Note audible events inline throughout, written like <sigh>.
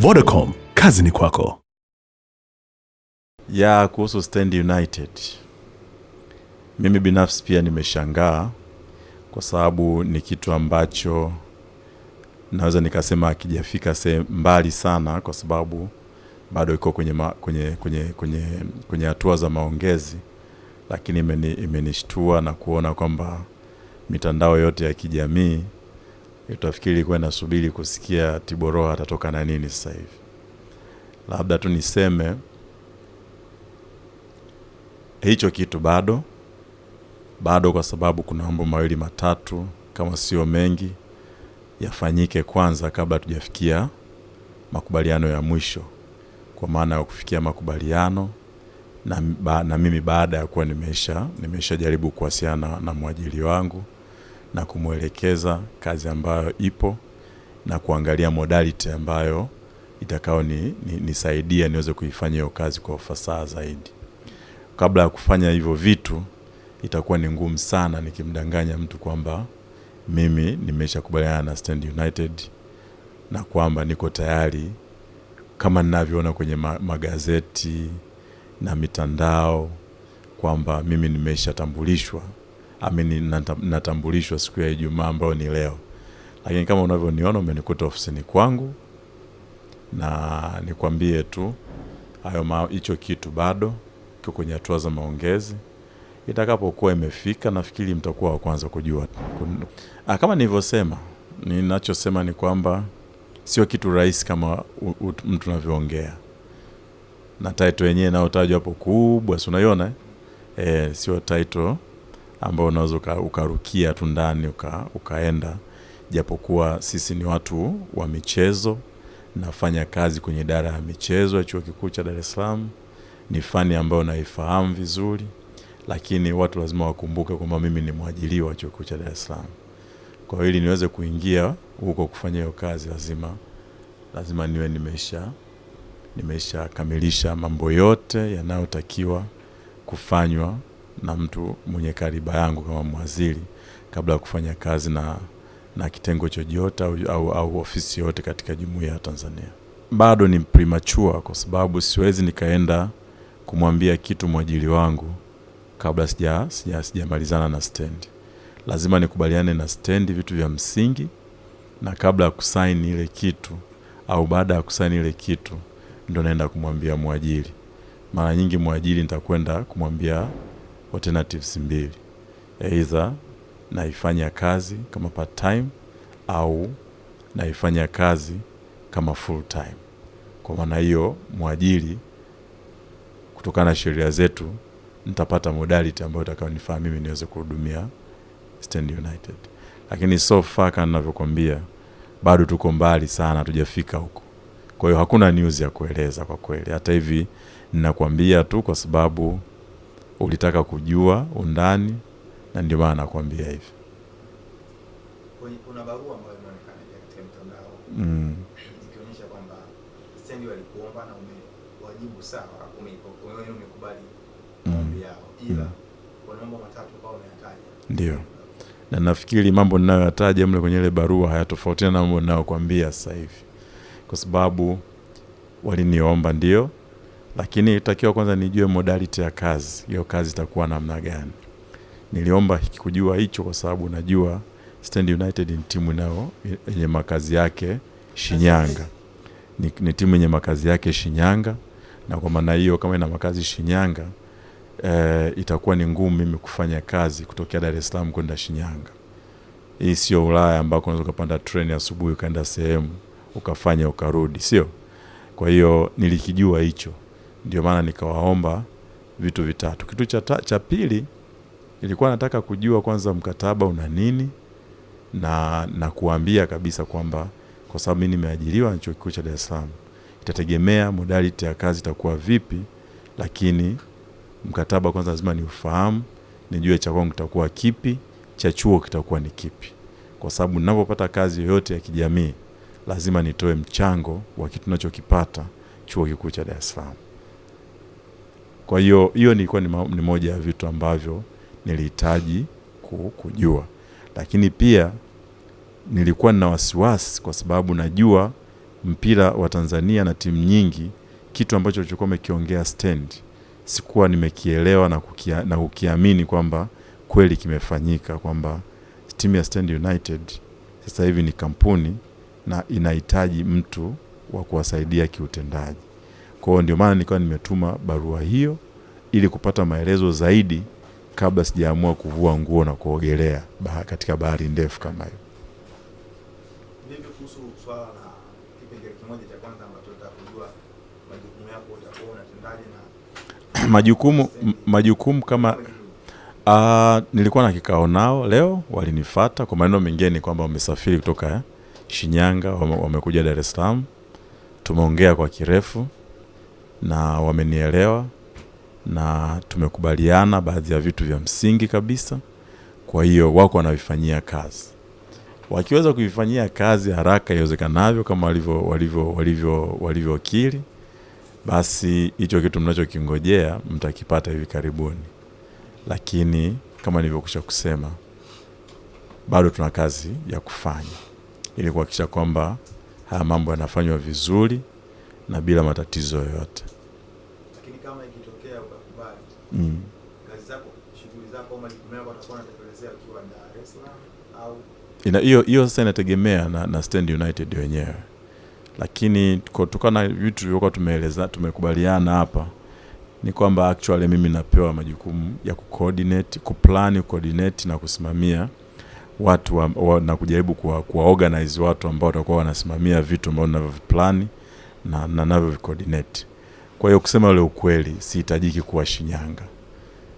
Vodacom, kazi ni kwako. Ya kuhusu Stand United, mimi binafsi pia nimeshangaa kwa sababu ni kitu ambacho naweza nikasema akijafika mbali sana, kwa sababu bado iko kwenye hatua kwenye, kwenye, kwenye, kwenye za maongezi, lakini imenishtua na kuona kwamba mitandao yote ya kijamii utafikiri ilikuwa inasubiri kusikia Tiboroha atatoka na nini sasa hivi. Labda tu niseme hicho kitu bado bado, kwa sababu kuna mambo mawili matatu kama sio mengi yafanyike kwanza kabla tujafikia makubaliano ya mwisho, kwa maana ya kufikia makubaliano na, ba, na mimi baada ya kuwa nimesha nimeshajaribu kuwasiliana na, na mwajili wangu na kumwelekeza kazi ambayo ipo na kuangalia modality ambayo itakao ni, ni, nisaidia niweze kuifanya hiyo kazi kwa ufasaha zaidi. Kabla ya kufanya hivyo vitu, itakuwa ni ngumu sana nikimdanganya mtu kwamba mimi nimeshakubaliana na Stand United na kwamba niko tayari kama ninavyoona kwenye magazeti na mitandao kwamba mimi nimeshatambulishwa natambulishwa siku ya Ijumaa ambayo ni leo. Lakini kama unavyoniona umenikuta ofisini kwangu, na nikwambie tu hayo, hicho kitu bado kiko kwenye hatua za maongezi. Itakapokuwa imefika, nafikiri mtakuwa wa kwanza kujua. Ah, kama nilivyosema, ninachosema ni kwamba sio kitu rahisi kama mtu unavyoongea na title yenyewe inayotajwa hapo kubwa, si unaiona eh? Sio title ambao unaweza ukarukia tu ndani uka, ukaenda, japokuwa sisi ni watu wa michezo. Nafanya kazi kwenye idara ya michezo ya Chuo Kikuu cha Dar es Salaam, ni fani ambayo naifahamu vizuri, lakini watu lazima wakumbuke kwamba mimi ni mwajiliwa wa Chuo Kikuu cha Dar es Salaam. Kwa hiyo ili niweze kuingia huko kufanya hiyo kazi, lazima lazima niwe nimesha nimeshakamilisha mambo yote yanayotakiwa kufanywa na mtu mwenye kariba yangu kama mwaziri kabla ya kufanya kazi na, na kitengo chochote au, au, au ofisi yote katika jumuiya ya Tanzania. Bado ni premature kwa sababu siwezi nikaenda kumwambia kitu mwajili wangu kabla sija sija sijamalizana na stendi. Lazima nikubaliane na stendi vitu vya msingi, na kabla ya kusaini ile kitu au baada ya kusaini ile kitu ndo naenda kumwambia mwajiri. Mara nyingi mwajiri nitakwenda kumwambia alternatives mbili, either naifanya kazi kama part time au naifanya kazi kama full time. Kwa maana hiyo, mwajiri kutokana na sheria zetu nitapata modality ambayo itakayonifaa mimi niweze kuhudumia Stand United, lakini so far kama ninavyokuambia, bado tuko mbali sana, hatujafika huko. Kwa hiyo hakuna news ya kueleza kwa kweli, hata hivi ninakwambia tu kwa sababu ulitaka kujua undani, na ndio maana nakwambia hivi. Kuna barua ambayo katika mtandao mm, ikionyesha kwamba stendi walikuomba na umewajibu sawa, umekubali mm. maombi yao, ila mm. kuna mambo matatu umeyataja ndio na nafikiri mambo ninayoyataja mle kwenye ile barua hayatofautiana na mambo ninayokwambia sasa hivi, kwa sababu waliniomba ndio lakini itakiwa kwanza nijue modality ya kazi, hiyo kazi itakuwa namna gani. Niliomba kujua hicho kwa sababu najua Stand United ni timu nao yenye makazi yake Shinyanga, ni, ni timu yenye makazi yake Shinyanga, na kwa maana hiyo kama ina makazi Shinyanga eh, itakuwa ni ngumu mimi kufanya kazi kutokea Dar es Salaam kwenda Shinyanga. Hii sio Ulaya ambako unaweza ukapanda treni asubuhi ukaenda sehemu ukafanya ukarudi, sio? Kwa hiyo nilikijua hicho ndio maana nikawaomba vitu vitatu. Kitu cha, cha pili ilikuwa nataka kujua kwanza mkataba una nini na na kuambia kabisa kwamba kwa sababu mimi nimeajiriwa na Chuo Kikuu cha Dar es Salaam, itategemea modality ya kazi itakuwa vipi, lakini mkataba kwanza lazima niufahamu, nijue cha kwangu kitakuwa kipi, cha chuo kitakuwa ni kipi, kwa sababu ninapopata kazi yoyote ya kijamii lazima nitoe mchango wa kitu ninachokipata Chuo Kikuu cha Dar es Salaam. Kwa hiyo hiyo nilikuwa ni, ni moja ya vitu ambavyo nilihitaji kujua, lakini pia nilikuwa nina wasiwasi kwa sababu najua mpira wa Tanzania na timu nyingi, kitu ambacho chukua mekiongea stand, sikuwa nimekielewa na, kukia, na kukiamini kwamba kweli kimefanyika kwamba timu ya Stand United sasa hivi ni kampuni na inahitaji mtu wa kuwasaidia kiutendaji. Kwa hiyo ndio maana nikawa nimetuma barua hiyo ili kupata maelezo zaidi kabla sijaamua kuvua nguo na kuogelea bah, katika bahari ndefu kama hiyo. Majukumu, <clears throat> majukumu kama uh, nilikuwa na kikao nao leo, walinifata kwa maneno mengine kwamba wamesafiri kutoka Shinyanga, wamekuja Dar es Salaam, tumeongea kwa kirefu na wamenielewa na tumekubaliana baadhi ya vitu vya msingi kabisa. Kwa hiyo wako wanavifanyia kazi, wakiweza kuifanyia kazi haraka iwezekanavyo kama walivyo walivyo walivyo walivyokiri, basi hicho kitu mnachokingojea mtakipata hivi karibuni. Lakini kama nilivyokwisha kusema, bado tuna kazi ya kufanya ili kuhakikisha kwamba haya mambo yanafanywa vizuri na bila matatizo yoyote. mm. hiyo hiyo sasa inategemea na, na Stand United wenyewe, lakini kutokana na vitu vilivyokuwa tumeeleza tumekubaliana hapa ni kwamba actually mimi napewa majukumu ya kucoordinate, kuplani, coordinate na kusimamia watu wa, wa, na kujaribu kuwa, kuwa watu ambao watakuwa wanasimamia vitu ambavyo ninavyoviplani na ninavyovicoordinate. Kwa hiyo kusema ule ukweli, sihitajiki kuwa Shinyanga,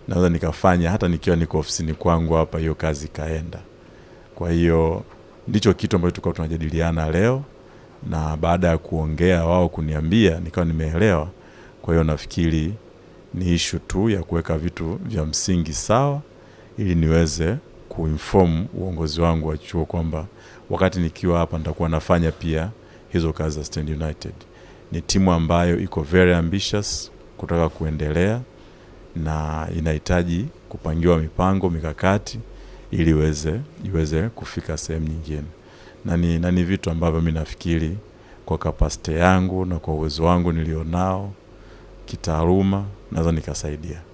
naweza nikafanya hata nikiwa niko ofisini kwangu hapa, hiyo kazi ikaenda. Kwa hiyo ndicho kitu ambacho tulikuwa tunajadiliana leo, na baada ya kuongea wao kuniambia, nikawa nimeelewa. Kwa hiyo nafikiri ni ishu tu ya kuweka vitu vya msingi sawa, ili niweze kuinform uongozi wangu wa chuo kwamba wakati nikiwa hapa nitakuwa nafanya pia hizo kazi za Stand United ni timu ambayo iko very ambitious kutaka kuendelea na inahitaji kupangiwa mipango mikakati ili iweze iweze kufika sehemu nyingine, na ni, na ni vitu ambavyo mi nafikiri kwa kapasiti yangu na kwa uwezo wangu nilionao kitaaluma naweza nikasaidia.